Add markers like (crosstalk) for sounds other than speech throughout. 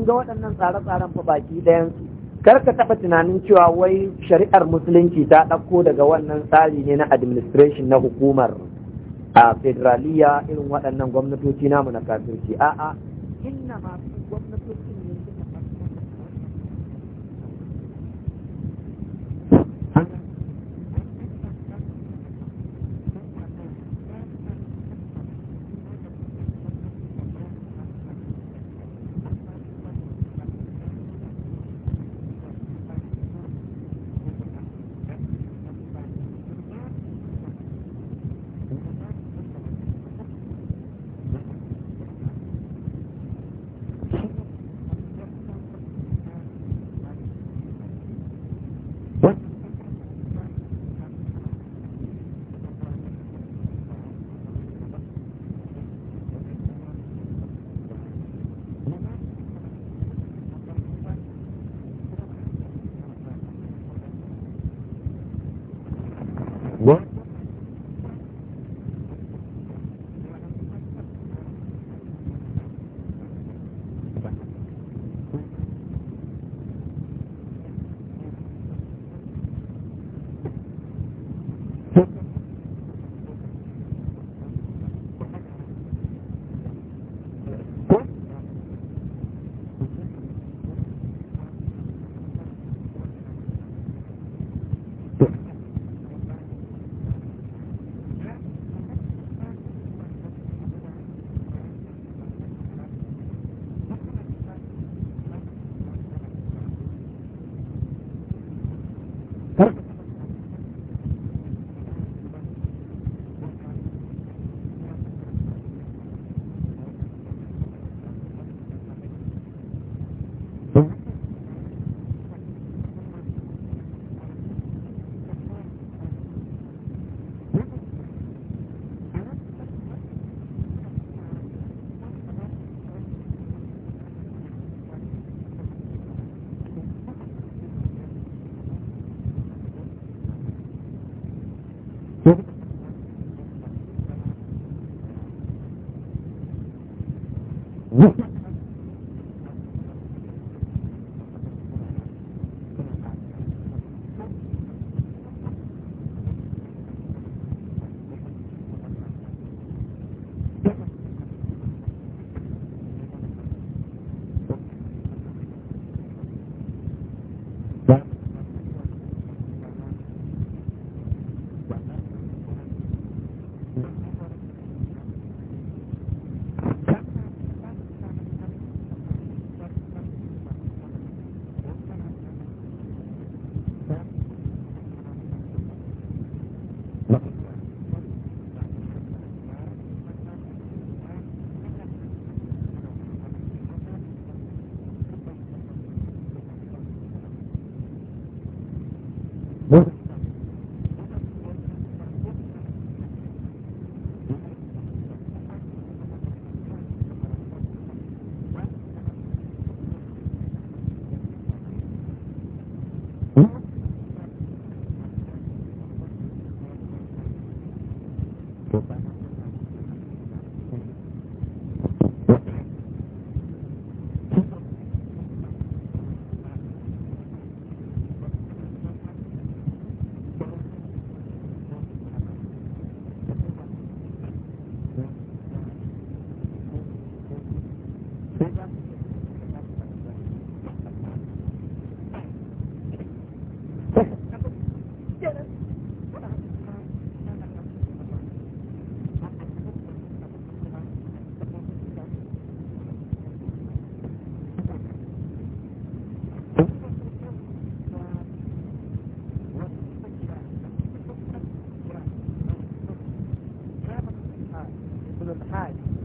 mun ga waɗannan tsare-tsaren fa baki ɗayansu kar ka taɓa tunanin cewa wai shari'ar musulunci ta ɗauko daga wannan tsari ne na administration na hukumar a federaliya irin waɗannan gwamnatoci namu na kafirci a'a inna ma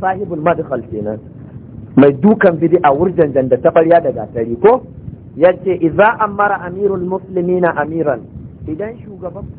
sahibul madkhal kenan mai dukan bid'a wurjan da tafarya da gatari ko yace idza amara amirul muslimina amiran idan shugaban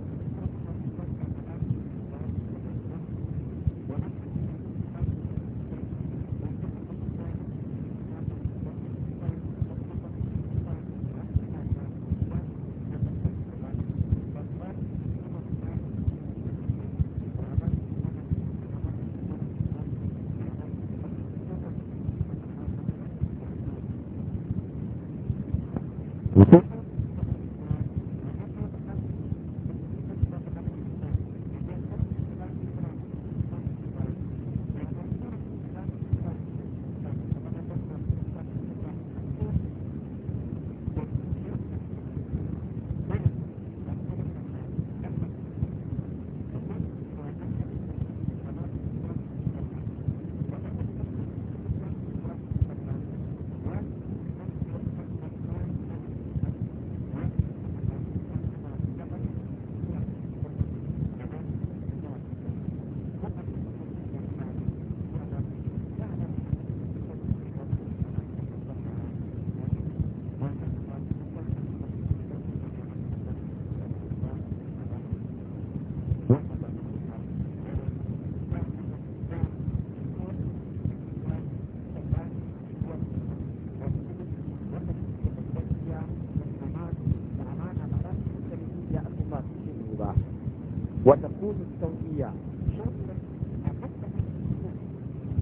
sauƙiya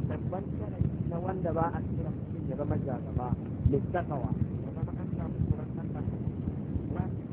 babban sharadi na wanda ba a tsira mutum ya zama jagaba littafawa ya zama an samu tsoron Allah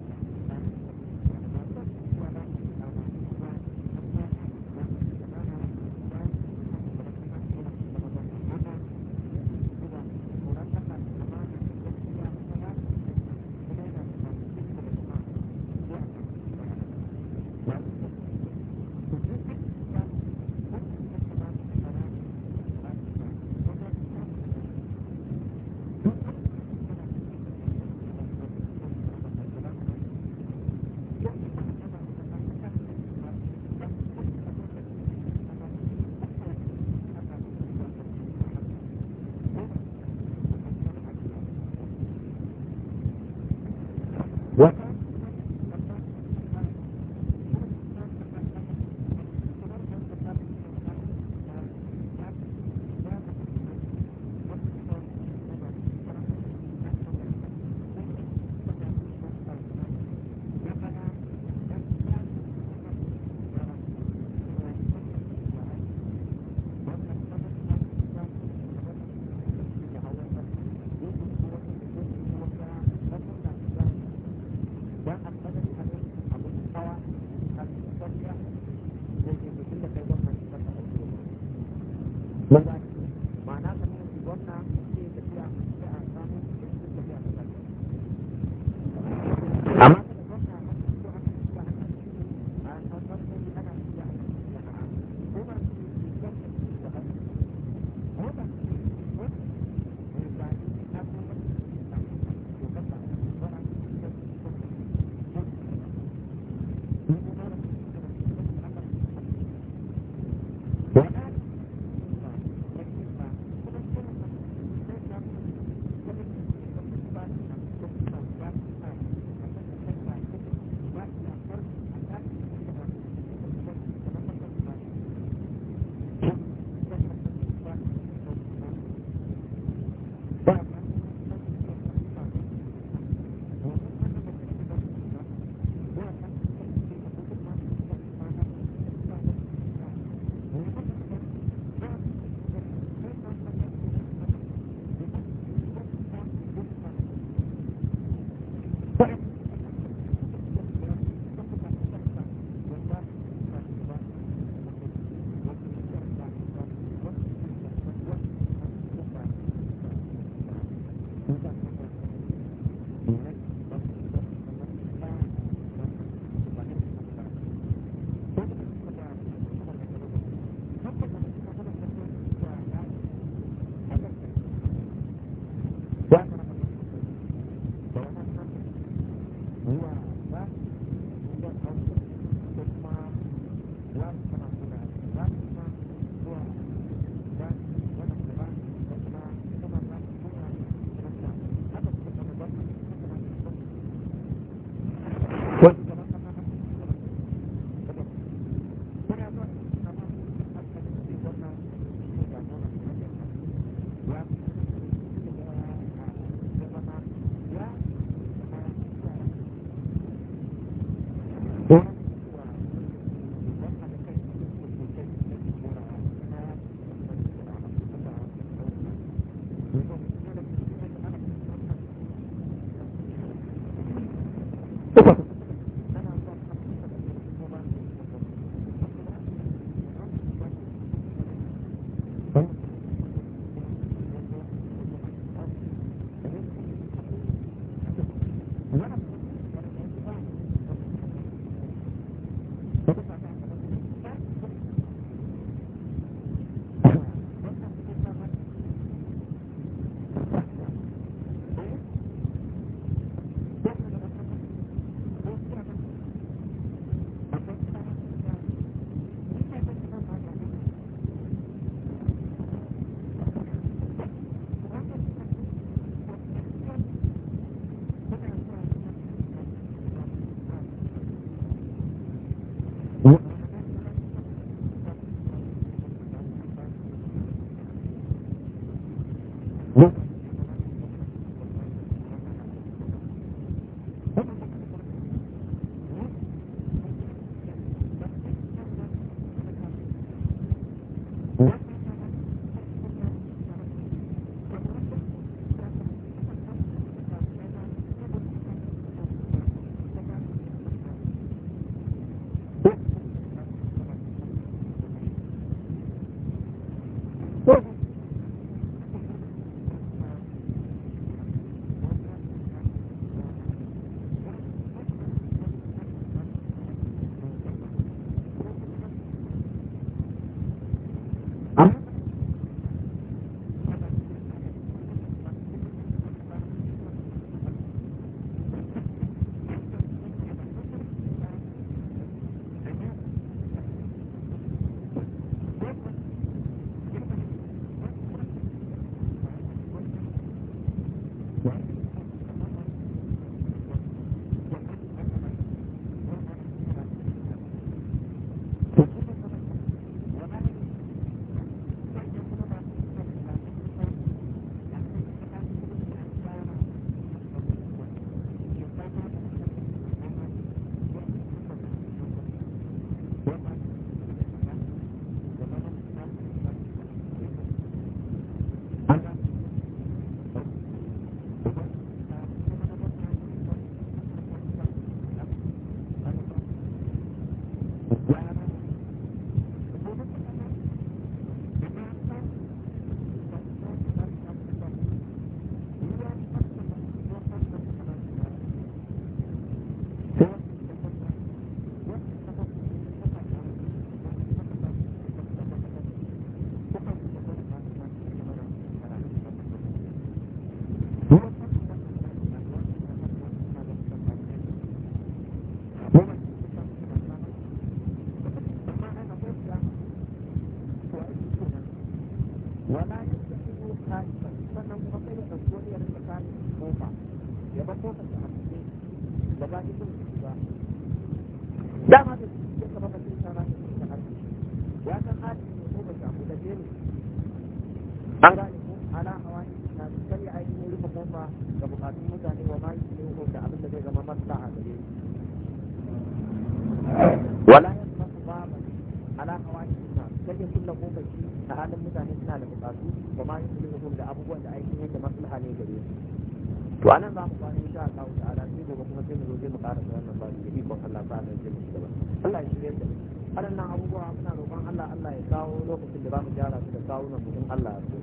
aikin da za mu gyara su da kawunan mutum Allah su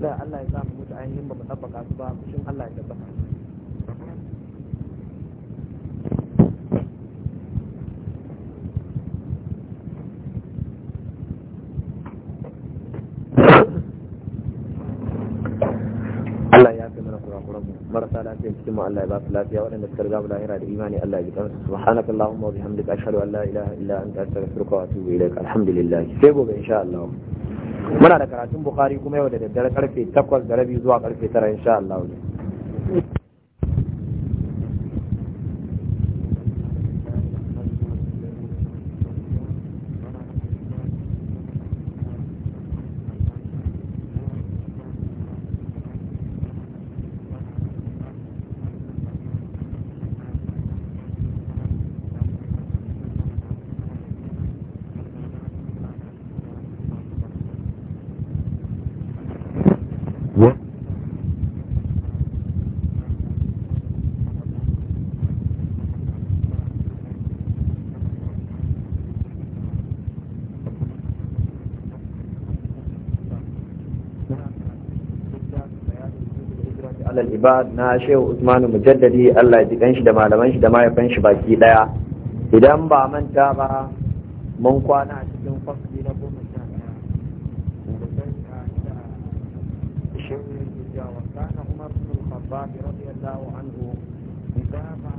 da Allah ya sa mu mutu ainihin ba mu tabbaka su ba mutum Allah ya tabbaka Allah ya fi mana kurakuran marasa lafiya cikin mu Allah ya ba su lafiya waɗanda suka riga lahira da imani Allah ya ji kansu subhanaka allahumma wa bihamdika ashhadu an la ilaha illa anta astaghfiruka wa atubu ilaik alhamdulillah sai gobe insha Allah muna da karatun bukari kuma yau da daddare karfe 8 da rabi zuwa karfe 9 insha Allah ba na shehu usmanu mujaddadi allah ji kanshi da malaman shi da mahaifan shi baki daya idan ba manta ba mun kwana a cikin fasli na goma sha daya shehu ya wa kana umar bin khabbab radiyallahu anhu ba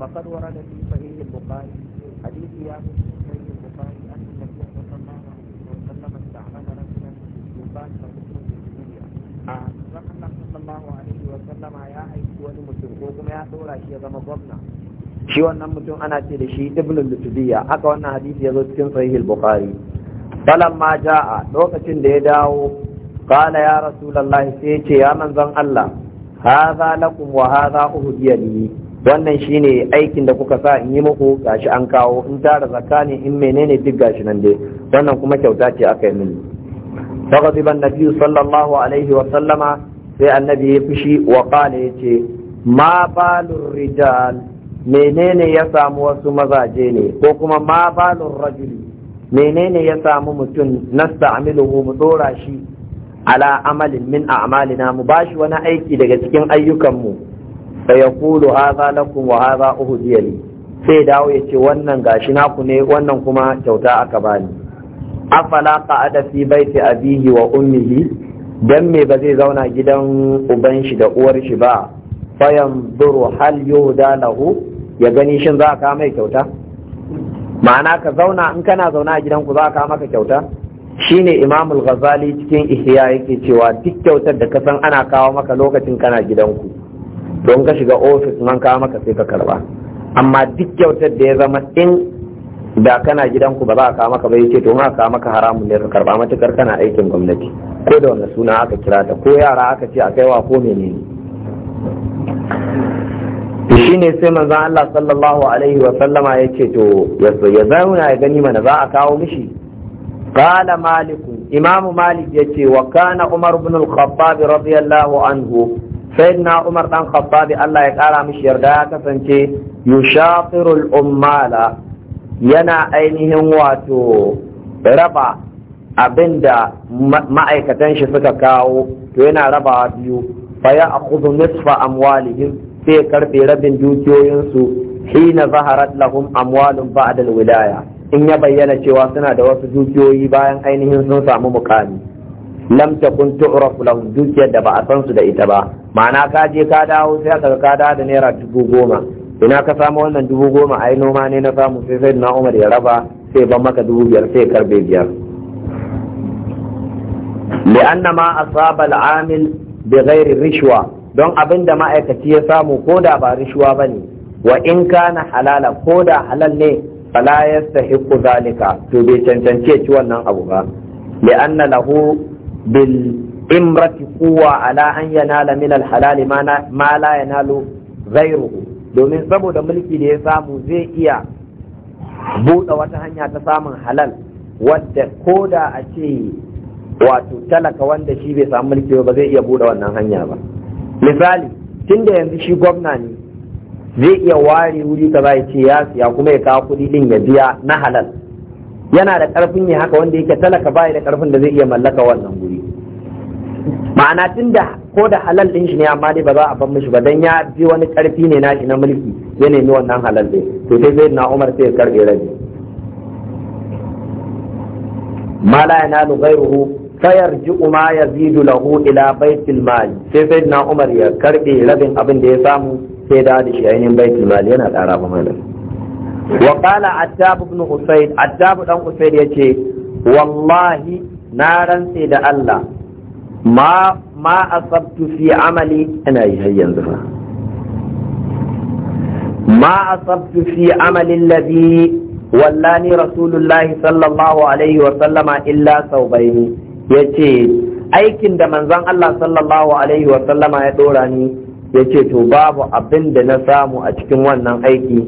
فقد ورد في صحيح البخاري حديث يابس في صحيح البخاري ان النبي صلى الله عليه وسلم استعمل رجلا يقاتل Allah sallallahu alaihi wa sallama ya aiki wani mutum ko kuma ya dora shi ya zama gwamna shi wannan mutum ana ce da shi ibn lutubiyya haka wannan hadisi ya zo cikin sahih al-bukhari ma jaa lokacin da ya dawo qala ya rasulullahi sai ya ce ya manzon Allah hadha lakum wa hadha uhdiya wannan shine aikin da kuka sa in yi muku gashi an kawo in tara zakani in menene duk gashi nan dai wannan kuma kyauta ce aka yi mini ibn nabi sallallahu alaihi wa sallama sai annabi ya fushi wa kala yace ce ma balur rijal menene ya samu wasu mazaje ne ko kuma ma balur rajuli menene ya samu mutum nasta mu dora shi ala amalin min a'malina mu bashi wani aiki daga cikin ayyukanmu fa yaqulu hadha lakum wa hadha uhdiya sai dawo ya ce wannan gashi naku ne wannan kuma kyauta aka bani afala qa'ada fi baiti abihi wa ummihi dan me ba zai zauna gidan uban shi da uwar shi ba fa yanzuru hal yuhda lahu ya gani shin za ka mai kyauta ma'ana ka zauna in kana zauna a gidanku za ka maka kyauta shine imamul ghazali cikin ihya yake cewa duk kyautar da ka san ana kawo maka lokacin kana gidan ku don ka shiga ofis nan ka maka sai ka karba amma duk kyautar da ya zama in da kana gidanku ba za a kawo maka ba yace to ma ka maka haramun ne ka karba matukar kana aikin gwamnati ko da wanda suna aka kira ta ko yara aka ce a kaiwa ko menene shi ne sai manzon Allah sallallahu alaihi wa sallama yace to ya zauna ya gani mana za a kawo mishi qala malik imam malik yace wa kana umar ibn al-khattab radiyallahu anhu na Umar dan Khattabi Allah ya kara mishi yarda ya kasance yushaqirul ummala yana ainihin wato raba abinda ma'aikatan shi suka kawo to yana rabawa biyu fa ya akhudhu nisfa amwalihim sai karbe rabin dukiyoyinsu hina zaharat lahum amwalun ba'da alwilaya in ya bayyana cewa suna da wasu dukiyoyi bayan ainihin sun samu mukami lam takun tu'rafu lahu dukiyar da ba a san su da ita ba ma'ana ka je ka dawo sai aka ka dawo da naira dubu goma ina ka samu wannan dubu goma ai noma ne na samu sai sai na Umar ya raba sai ban maka dubu biyar sai karbe biyar li'anna ma asaba al'amil bi ghairi rishwa don abinda ma'aikaci ya samu ko da ba ba ne? wa in na halala ko da halal ne fala yastahiqu zalika to bai cancanci cancance ci wannan abu ba li'anna lahu bil imrati quwa ala an yanala min al halal ma la yanalu ghayruhu domin saboda mulki da ya samu zai iya buɗe wata hanya ta samun halal wadda ko da a ce wato talaka wanda shi bai samu mulki ba zai iya buɗe wannan hanya ba misali tun da yanzu shi gwamna ne zai iya ware wuri kaza ya ce ya siya kuma ya kawo kuɗi din ya biya na halal yana da karfin ya haka wanda yake talaka bai da karfin da zai iya mallaka wannan guri ma'ana tun ko da halal din shi ne amma dai ba za a ban mishi ba dan ya bi wani karfi ne nashi na mulki zai nemi wannan halal din to sai sai na Umar sai ya karbe rabi ma la yanalu ghayruhu fayarji'u ma yazidu lahu ila baitil mal sai sai na Umar ya karbe rabin abin da ya samu sai da shi ainihin baitul mal yana ƙara ba wa qala attab ibn usayd attab dan usayd yace wallahi na rantse da Allah ma ma asabtu fi amali ina yi har yanzu fa ma asabtu fi amali alladhi wallani rasulullahi sallallahu alaihi wa sallama illa saubaini yace aikin da manzon Allah sallallahu alaihi wa sallama ya dora ni yace to babu abinda na samu a cikin wannan aiki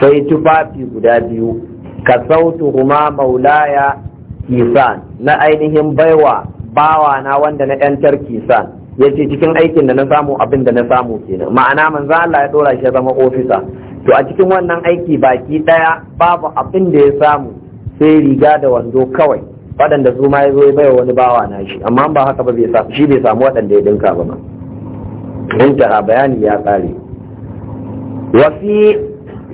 sai tufafi guda biyu ka sautu huma maulaya kisan na ainihin baiwa bawa na wanda na yantar kisan ya ce cikin aikin da na samu abin da na samu kenan ma'ana manzo Allah ya dora shi ya zama ofisa to a cikin wannan aiki baki daya babu abin da ya samu sai riga da wando kawai waɗanda su ma ya zo baiwa wani bawa na shi amma ba haka ba shi bai samu waɗanda ya dinka ba ma intaha bayani ya kare wasi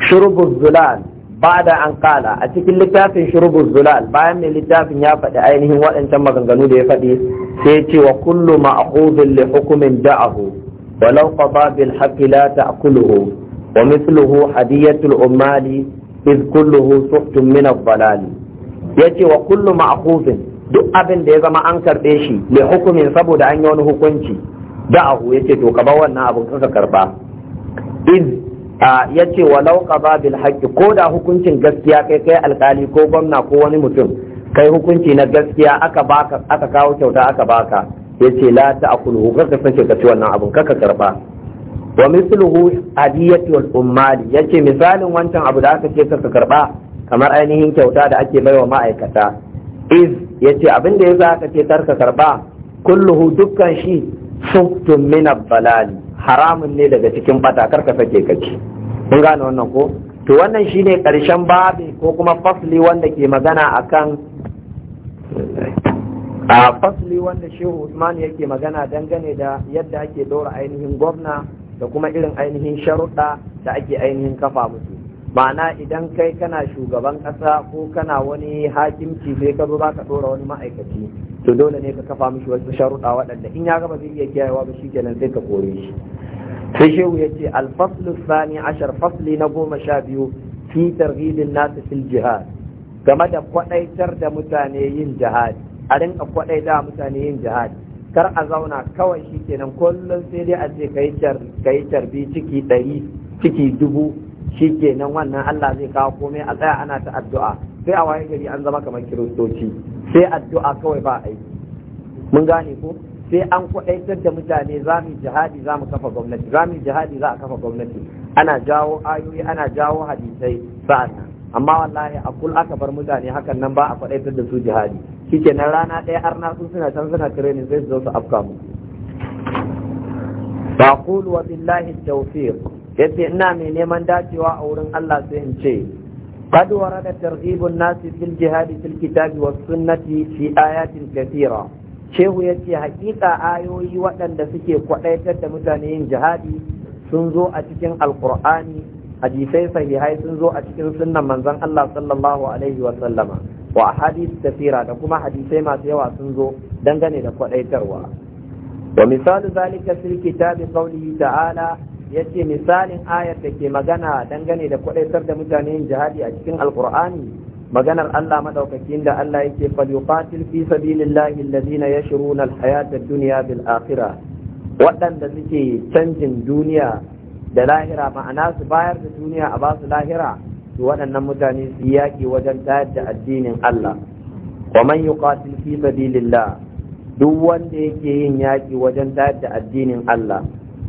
shurubu zulal da an kala a cikin littafin shurubu zulal bayan mai littafin ya faɗi ainihin waɗancan maganganu da ya faɗi sai ce wa kullu ma'khudhin li hukumin da'ahu walau qada bil haqqi la ta'kuluhu wa mithluhu hadiyatul ummali iz kulluhu suhtun min ad-dalal yace wa kullu ma'khudhin duk abin da ya zama an karbe shi li hukumin saboda an yi wani hukunci da'ahu yace to ka bar wannan abin kaka karba iz a ya ce walau qada bil haqqi ko da hukuncin gaskiya kai kai alkali ko gwamna ko wani mutum kai hukunci na gaskiya aka baka aka kawo kyauta aka baka yace la ta'kulu ka sace ka ci wannan abun ka karba wa mithluhu hadiyatu wal ummali yace misalin wancan abu da aka ce ka karba kamar ainihin kyauta da ake baiwa ma'aikata iz yace abin da yasa ka ce ka karba kulluhu dukkan shi suktun min balali haramun ne daga cikin bata karka sake kaci mun gane wannan ko to wannan shine karshen babi ko kuma fasli wanda ke magana akan a fasli wanda shehu usman yake magana dangane da yadda ake dora ainihin gwamna da kuma irin ainihin sharuɗa da ake ainihin kafa musu ma'ana idan kai kana shugaban ƙasa ko kana wani hakimci sai ka zo za ka ɗora wani ma'aikaci to dole ne ka kafa mishi wasu sharuɗa waɗanda in ya gaba zai iya kiyayewa ba shi kenan sai ka kore shi sai shehu ya ce alfaslu sani ashar fasli na goma sha biyu fi targhibin nasu fil jihad game da kwaɗaitar da mutane yin jihad a rinka kwaɗaita mutane yin jihad kar a zauna kawai shi kenan kullum sai dai a ce ka yi carbi ciki ɗari ciki dubu shi kenan wannan Allah zai kawo komai a tsaya ana ta addu'a sai a waye gari an zama kamar kiristoci sai addu'a kawai ba aiki mun gane ko sai an kwaɗaitar da mutane za mu jihadi za mu kafa gwamnati za mu jihadi za a kafa gwamnati ana jawo ayoyi ana jawo hadisai sa'an nan amma wallahi a kul aka bar mutane hakan nan ba a kwaɗaitar da su jihadi shike nan rana ɗaya har na sun suna can suna training sai su zo su afka mu ba wa billahi tawfiq yace ina mai neman dacewa a wurin Allah sai in ce قد ورد ترغيب الناس في الجهاد في الكتاب والسنة في آيات كثيرة شيخ يتي حقيقة آيوي وأن دفكي قليتا متانين جهادي سنزو أتكين القرآن حديثي صحيحي سنزو أتكين سنة منزن الله صلى الله عليه وسلم وأحاديث كثيرة لكما حديثي ما سيوا سنزو دنغني لقليتا ومثال ذلك في الكتاب قوله تعالى ya ce misalin ayar da ke magana dangane da kwadaitar da mutane yin jihadi a cikin alkur'ani maganar Allah madaukakin da Allah yake falyuqatil fi sabilillahi allazina yashruna alhayata ad-dunya bil akhirah waɗanda suke canjin duniya da lahira ma'ana su bayar da duniya a basu lahira su waɗannan mutane su yaƙi wajen tayar da addinin Allah wa man yuqatil fi sabilillah duk wanda yake yin yaƙi wajen tayar da addinin Allah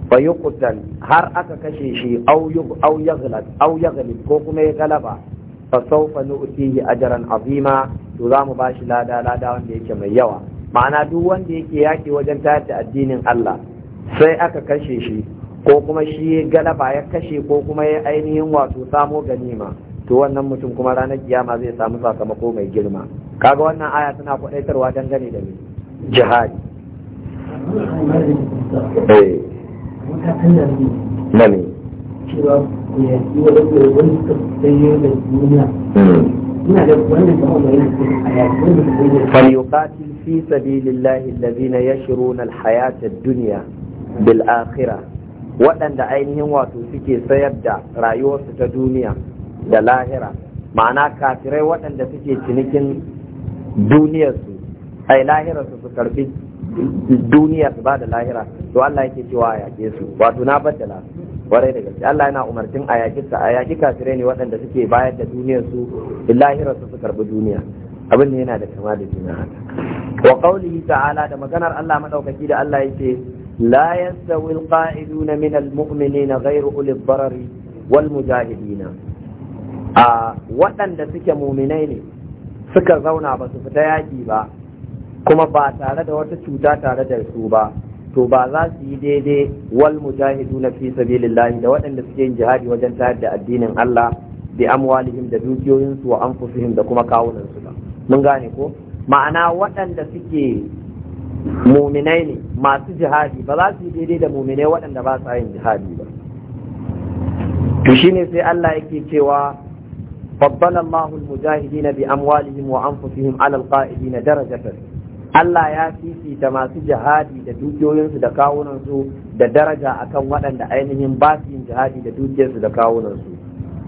fa har aka kashe shi aw aw yaghlab aw yaghlib ko kuma ya galaba fa sawfa nu'tihi ajran azima to za mu bashi lada lada wanda yake mai yawa ma'ana duk wanda yake yaki wajen tayar da addinin Allah sai aka kashe shi ko kuma shi ya galaba ya kashe ko kuma ya ainihin wato samo ganima to wannan mutum kuma ranar kiyama zai samu sakamako mai girma kaga wannan aya tana kwadaitarwa dangane da ni jihadi eh. nani cewa ya yi wa wanda wani suka tsaye da duniya hmm. ina da wanda ta wanda yana cikin hayati wanda ta bayyana falyuqatil fi sabilillahi alladhina ya shiru ad hayata duniya akhirah waɗanda ainihin wato suke sayar da rayuwarsu ta duniya da lahira ma'ana kafirai waɗanda suke cinikin duniyarsu ai lahirarsu su karbi duniya su ba da lahira to Allah yake cewa a yaƙe su wato na baddala kwarai da gaske Allah yana umartin a yaƙi a yaƙi kafirai ne waɗanda suke bayar da duniyar su lahira su su karɓi duniya abin ne yana da kama da juna haka wa qawlihi ta'ala da maganar Allah madaukaki da Allah yake la yastawi alqa'iduna min almu'minina ghayru uli darari wal mujahidina a waɗanda suke muminai ne suka zauna ba su fita yaki ba kuma ba tare da wata cuta tare da su ba to ba za su yi daidai wal na fi sabilillahi da waɗanda suke yin jihadi wajen tayar da addinin Allah bi amwalihim da dukiyoyinsu wa anfusihim da kuma kawunansu ba mun gane ko ma'ana waɗanda suke muminai ne masu jihadi ba za su yi daidai da muminai waɗanda ba su yin jihadi ba to shine sai Allah yake cewa فضل الله المجاهدين بأموالهم وأنفسهم على daraja درجة Allah ya fifita masu jihadi da dukiyoyinsu da kawunansu da daraja akan waɗanda ainihin ba su yin jihadi da dukiyarsu da kawunansu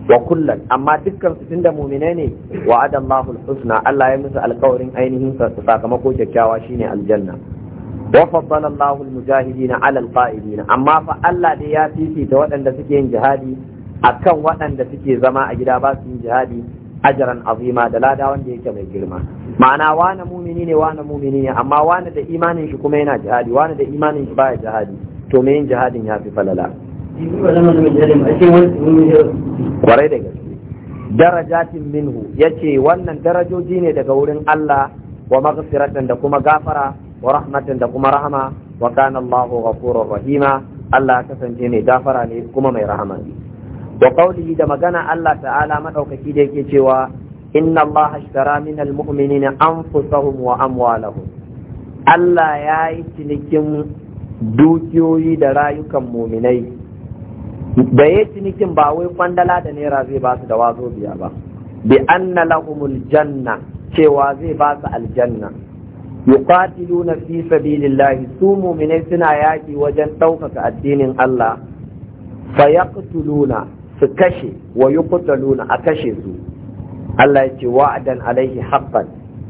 wa kullum amma dukkan su tunda mu'minai ne wa adallahu husna Allah ya musu alkawarin ainihin sakamako kyakkyawa shine aljanna wa faddala Allahu mujahidina 'ala amma fa Allah dai ya fifita waɗanda suke yin jihadi akan waɗanda suke zama a gida ba su yin jihadi ajran azima da lada wanda yake mai girma ma'ana wani mumini ne wani mumini ne amma wani da imanin shi kuma yana jihadi wani da imanin shi baya jihadi to me yin jihadin ya fi falala kwarai da gaske darajatin minhu yace wannan darajoji ne daga wurin Allah wa maghfiratan da kuma gafara wa rahmatan da kuma rahama wa kana Allahu ghafurur rahima Allah kasance ne gafara ne kuma mai rahama wa da magana Allah ta'ala madaukaki da yake cewa inna Allah ashtara min almu'minina anfusahum wa amwalahum Allah ya yi cinikin dukiyoyi da rayukan muminai da ya cinikin ba wai kwandala da naira zai basu da wazo ba bi anna lahumul janna cewa zai basu su aljanna yuqatiluna fi sabilillahi su mu'minai suna yaki wajen ɗaukaka addinin Allah fayaqtuluna su kashe wa yuqtaluna a kashe su Allah ya ce wa'adan alaihi haqqan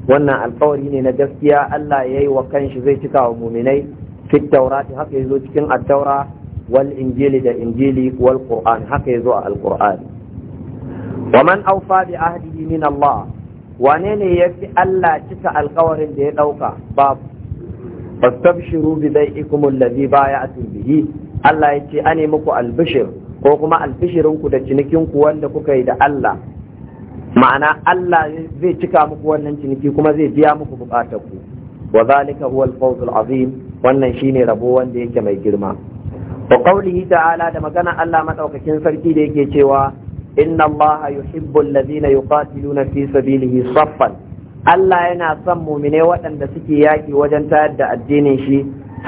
wannan alƙawari ne na gaskiya Allah yayi wa kanshi zai cika wa muminai fit taurati haka yazo cikin at-taura wal injili da injili wal qur'an haka yazo a al wa man awfa bi ahdihi min Allah wane ne yafi Allah cika alƙawarin da ya dauka babu fastabshiru bi bai'ikum baya bay'atum bihi Allah yace ane muku albishir ko kuma albishirinku da cinikinku wanda kuka yi da Allah ma'ana Allah zai cika muku wannan ciniki kuma zai biya muku bukatarku wa zalika huwa al-fawz al-azim wannan shine rabo wanda yake mai girma wa qawlihi ta'ala da magana Allah madaukakin sarki da yake cewa inna Allah yuhibbu alladhina yuqatiluna fi sabilihi saffan Allah yana son mumine waɗanda suke yaƙi wajen tayar da addinin shi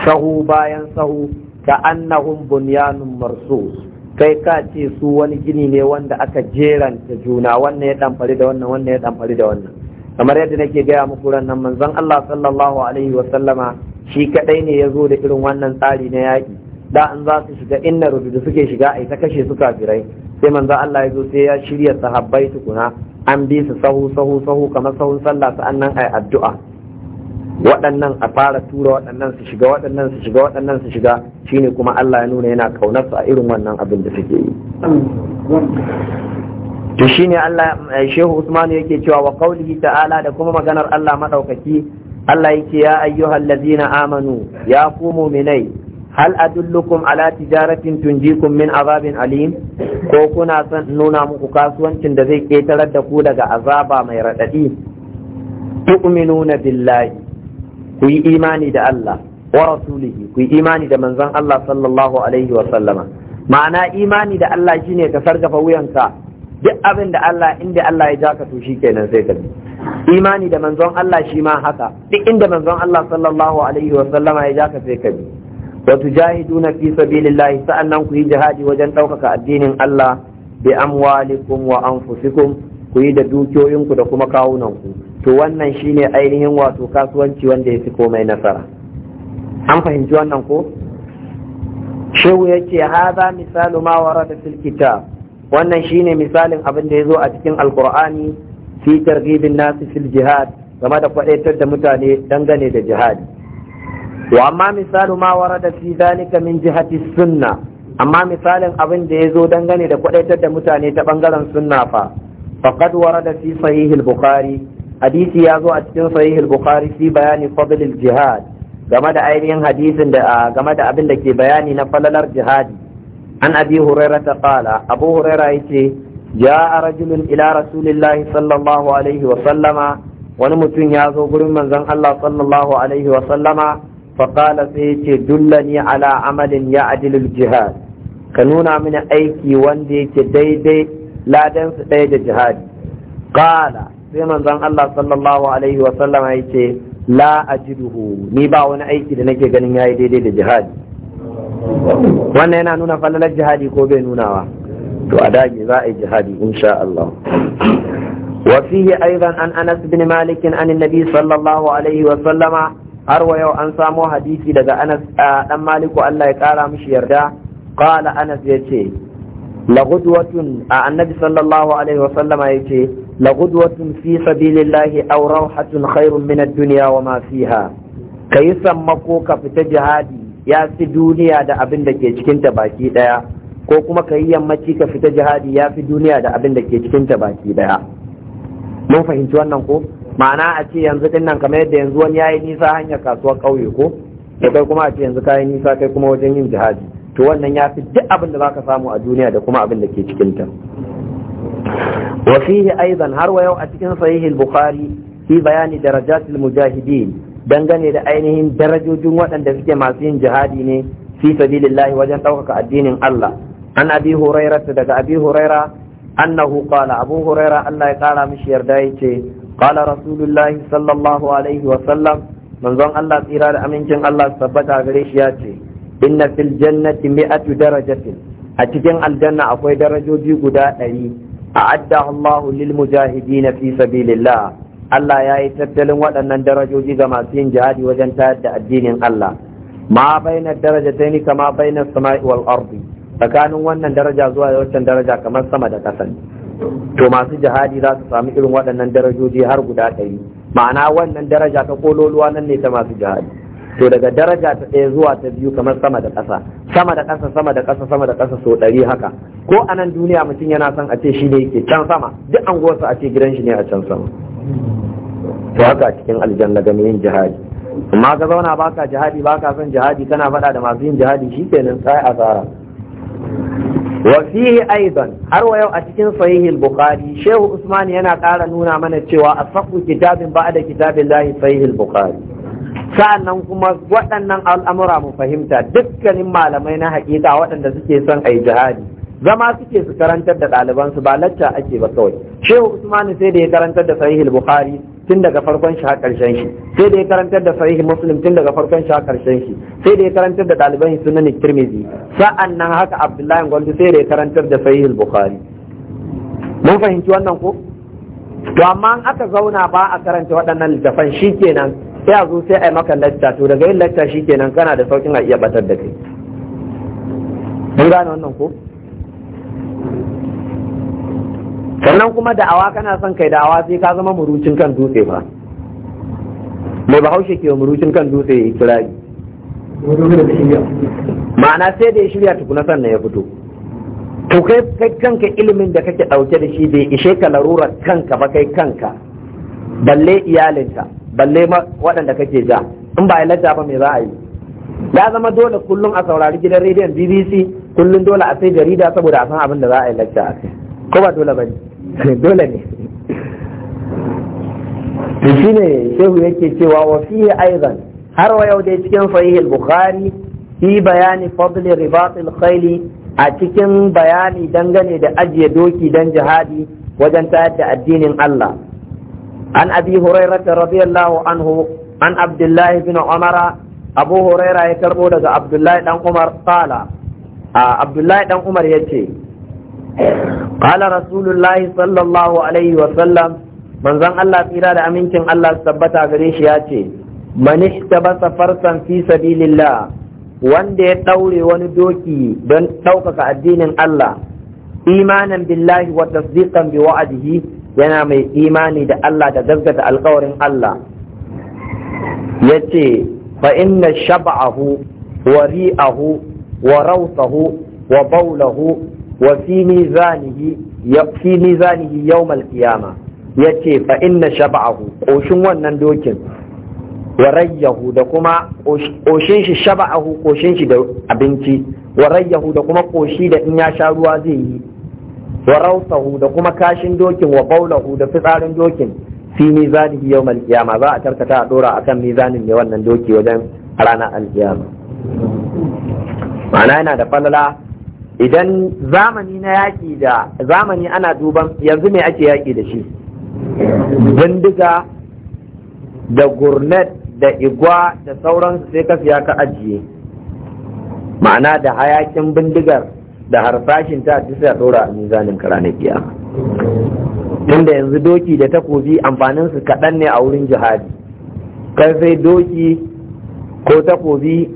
sahu bayan sahu ka annahum bunyanun marsus kai ka ce su wani gini ne wanda aka jeranta juna wannan ya damfari da wannan wannan ya damfari da wannan kamar yadda nake gaya muku ranan nan manzon Allah sallallahu alaihi wa sallama shi kadai ne ya zo da irin wannan tsari na yaƙi da an za su shiga inna rududu da suke shiga ai ta kashe su kafirai sai manzon Allah ya zo sai ya shirya sahabbai tukuna an bi su sahu sahu sahu kamar sahun sallah sa'annan ai addu'a waɗannan a fara tura waɗannan su shiga waɗannan su shiga waɗannan su shiga shine kuma Allah ya nuna yana kaunar su a irin wannan abin da suke yi to shine Allah eh, Shehu Usman yake cewa wa qaulihi ta'ala da kuma maganar Allah madaukaki Allah yake ya ayyuhal ladzina amanu ya ku mu'minai hal adullukum ala tijaratin tunjikum min azabin alim ko kuna son nuna muku kasuwancin da zai ketarar da ku daga azaba mai radadi tu'minuna billahi ku yi imani da Allah wa rasulihi ku yi imani da manzon Allah sallallahu alaihi wa sallama ma'ana imani da Allah shine ka sarkafa wuyanka duk abin da Allah inda Allah ya jaka to kenan sai ka bi imani da manzon Allah shi ma haka duk inda manzon Allah sallallahu alaihi wa sallama ya jaka sai ka bi wa tujahiduna fi sabilillahi sa'annan ku yi jihadi wajen ɗaukaka addinin Allah bi amwalikum wa anfusikum ku yi da dukiyoyinku da kuma kawunanku to wannan shine ainihin wato kasuwanci wanda ya fi komai nasara an fahimci wannan ko shehu ya ce haza misalu ma wara da kitab wannan shine misalin abin da ya zo a cikin alkur'ani fi targibin nasu fil jihad game da faɗaitar da mutane dangane da jihadi wa amma misalu ma da fi zalika min jihati sunna amma misalin abin da ya zo dangane da faɗaitar da mutane ta bangaren sunna fa faqad warada fi sahih al-bukhari hadisi ya zo a cikin sahih al-bukhari fi bayani fadl al-jihad game da ainihin hadisin da game da abin da ke bayani na falalar jihadi an abi hurairah ta qala abu hurairah yace ja'a rajulun ila rasulillahi sallallahu alaihi wa sallama wani mutum ya zo gurin manzon Allah sallallahu alaihi wa sallama fa qala sai yace dullani ala amalin ya'dilu al-jihad ka nuna mini aiki wanda yake daidai ladan su ɗaya da jihadi qala sai manzon Allah sallallahu alaihi wa sallama yace la ajiduhu ni ba wani aiki da nake ganin yayi daidai da jihadi wannan yana nuna falalar jihadi ko bai nunawa to a dage za a yi jihadi insha Allah وفيه أيضا عن أنس بن مالك عن النبي صلى الله عليه وسلم أروى يو أن سامو حديثي لدى أنس أم مالك ألا يقال مش يرجع قال أنس يتي لغدوة النبي صلى الله عليه وسلم يتي لغدوة في سبيل الله أو روحة خير من الدنيا وما فيها كي سمكوك في جهادي ya fi duniya da abin da ke cikinta baki ɗaya ko kuma ka yi yammaci ka fita jihadi ya fi duniya da abin da ke cikinta baki ɗaya mun fahimci wannan ko ma'ana a ce yanzu din nan kamar yadda yanzu wani yayi nisa hanyar kasuwar ƙauye ko da kuma a ce yanzu kayi nisa kai kuma wajen yin jihadi to wannan ya fi duk abin da zaka samu a duniya da kuma abin da ke cikinta Wasihi Aizan, har wa yau a cikin sahih al-bukhari fi bayani darajat al-mujahidin dangane da ainihin darajojin waɗanda suke masu yin jihadi ne fi wajen ɗaukaka addinin Allah an abi huraira daga abi huraira annahu qala abu huraira Allah ya kara mishi yarda yace qala rasulullahi sallallahu alaihi wa sallam manzon Allah tsira da amincin Allah tabbata gare shi inna fil jannati mi'atu darajatin a cikin aljanna akwai darajoji guda ɗari adda Allah lil mujahidin fi sabilillah Allah ya yi tattalin waɗannan darajoji ga masu yin jihadi wajen tayar da addinin Allah ma bainar darajataini kama bainar sama'i wal ardi tsakanin wannan daraja zuwa wancan daraja kamar sama da ƙasa to masu jihadi za su samu irin waɗannan darajoji har guda ɗari ma'ana wannan daraja ta kololuwa nan ne ta masu jihadi to daga daraja ta ɗaya zuwa ta biyu kamar sama da ƙasa sama da ƙasa sama da ƙasa sama da ƙasa so ɗari haka ko a nan duniya mutum yana son a ce shi ne yake can sama duk gosa a ce gidan shi ne a can sama to haka cikin aljanna game yin jihadi amma ka zauna baka jihadi baka son jihadi kana faɗa da masu yin jihadi shi shikenan sai asara wa fihi aidan har wa yau a cikin sahih al-bukhari shehu usman yana ƙara nuna mana cewa asaqu kitabin ba'da kitabillahi sahih al-bukhari sa'annan kuma waɗannan al'amura mu fahimta dukkanin malamai na haƙiƙa waɗanda suke son a yi jihadi zama suke su karantar da ɗalibansu ba lacca ake ba kawai shehu usmanu sai da ya karantar da sahihul bukhari tun daga farkon shi har ƙarshen shi sai da ya karantar da sahih muslim tun daga farkon shi har ƙarshen shi sai da ya karantar da ɗaliban sunan tirmidhi sa'an nan haka abdullahi gwaldu sai da ya karantar da sahih bukhari mun fahimci wannan ko to amma aka zauna ba a karanta waɗannan littafan shikenan sai a zo sai a yi maka lacca to daga yin lacca shikenan kana da saukin a iya batar da kai mun gane wannan ko sannan kuma da'awa kana son kai da'awa sai ka zama murucin kan dutse ba mai bahaushe ke murucin kan dutse ya kira ma'ana sai da ya shirya tukuna sannan ya fito to kai kai kanka ilimin da kake ɗauke da shi bai ishe ka larurar kanka ba kai kanka balle iyalinka balle waɗanda kake ja in ba lajja ba me za a yi ya zama dole kullum a saurari gidan rediyon bbc kullum dole a sai jarida saboda a san abin da za a yi lacca. a ko ba dole ba ne (laughs) dole ne to shine shehu yake cewa wa fihi aidan har wa yau dai cikin sahih bukhari fi bayani fadl ribat al-khayl a cikin bayani dangane da ajiye doki don jihadi wajen tayar da addinin Allah an abi hurairah radiyallahu anhu an abdullahi bin umara abu huraira ya karbo daga abdullahi dan umar qala abdullahi dan umar yace qala rasulullahi sallallahu alaihi wa sallam manzon Allah tsira da amincin Allah tabbata gare shi yace man ihtabasa farsan fi sabilillah wanda ya ɗaure wani doki don ɗaukaka addinin Allah Imanin billahi wa tasdiqan bi wa'adihi yana mai imani da Allah da gaskata alkawarin Allah yace fa inna shab'ahu wa ri'ahu wa rawtahu wa bawlahu wa fi mizanihi fi mizanihi yawm al-qiyamah yace fa inna shab'ahu koshin wannan dokin wa rayyahu da kuma koshin shi shaba'ahu koshin shi da abinci wa rayyahu da kuma koshi da in ya sha ruwa zai yi wa da kuma kashin dokin wa baulahu da fitsarin dokin fi mizanihi yawmal malkiyama za a tarkata a dora akan mizanin ne wannan doki wajen ranar alkiyama ma'ana yana da falala idan zamani na yaƙi da zamani ana duban yanzu me ake yaƙi da shi bindiga da gurnet da igwa da sauransu sai ka siya ka ajiye ma'ana da hayakin bindigar da harsashin ta duk sai dora a mizanin ka biya. tunda yanzu doki da takobi amfanin su kaɗan ne a wurin jihadi kai sai doki ko takobi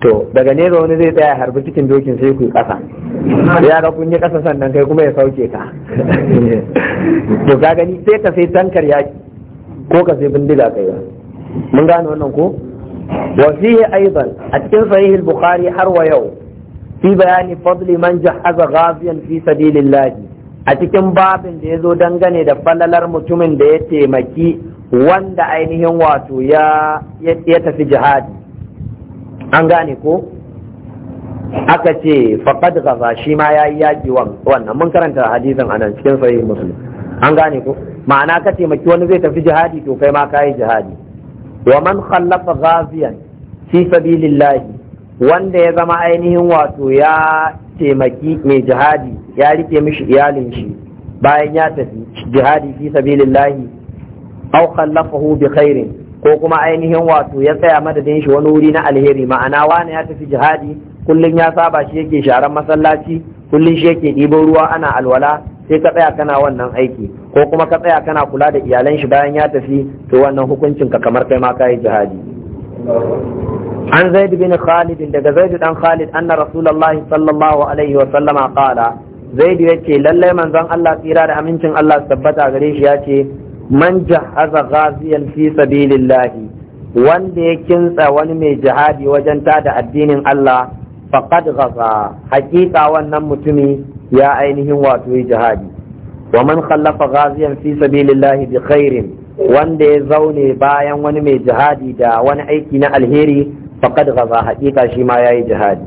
to daga nesa wani zai tsaya harbi cikin dokin sai ku ƙasa ya ga kun yi ƙasa sannan kai kuma ya sauke ka (laughs) to ka gani sai ka sai tankar yaki ko ka sai bindiga kai ba mun gane wannan ko wa fihi aidan a cikin sahih al-bukhari har wa yau fi bayani fadli man jahaza ghaziyan fi sabilillah a cikin babin da yazo dangane da falalar mutumin da ya taimaki wanda ainihin wato ya ya tafi jihadi an gane ko aka ce faqad ghaza shi ma yayi yaki wannan mun karanta hadisin anan cikin sahih muslim an gane ko ma'ana ka taimaki wani zai tafi jihadi to kai ma kai jihadi wa man khallafa ghaziyan fi sabilillahi wanda ya zama ainihin wato ya taimaki mai jihadi ya rike mishi iyalin shi bayan ya tafi jihadi fi sabilillahi Au khallafahu bi khairin ko kuma ainihin wato ya tsaya madadin shi wani wuri na alheri ma'ana wani ya tafi jihadi kullum ya saba shi yake sharan masallaci kullum shi yake ɗiban ruwa ana alwala sai ka tsaya kana wannan aiki ko kuma ka tsaya kana kula da iyalan shi bayan ya tafi to wannan hukuncin ka kamar kai ma kayi jihadi an zaid bin khalid daga zaid dan khalid anna rasulullahi sallallahu alaihi wa sallama qala zaid yace lalle manzon Allah tsira da amincin Allah tabbata gare shi yace man jahaza ghaziyan fi sabilillahi wanda ya kintsa wani mai jihadi wajen tada addinin Allah faqad ghaza hakika wannan mutumi ya ainihin wato yi jihadi wa man khallafa ghaziyan fi sabilillahi bi khairin wanda ya zaune bayan wani mai jihadi da wani aiki na alheri faqad ghaza haqiqa shi ma yi jihadi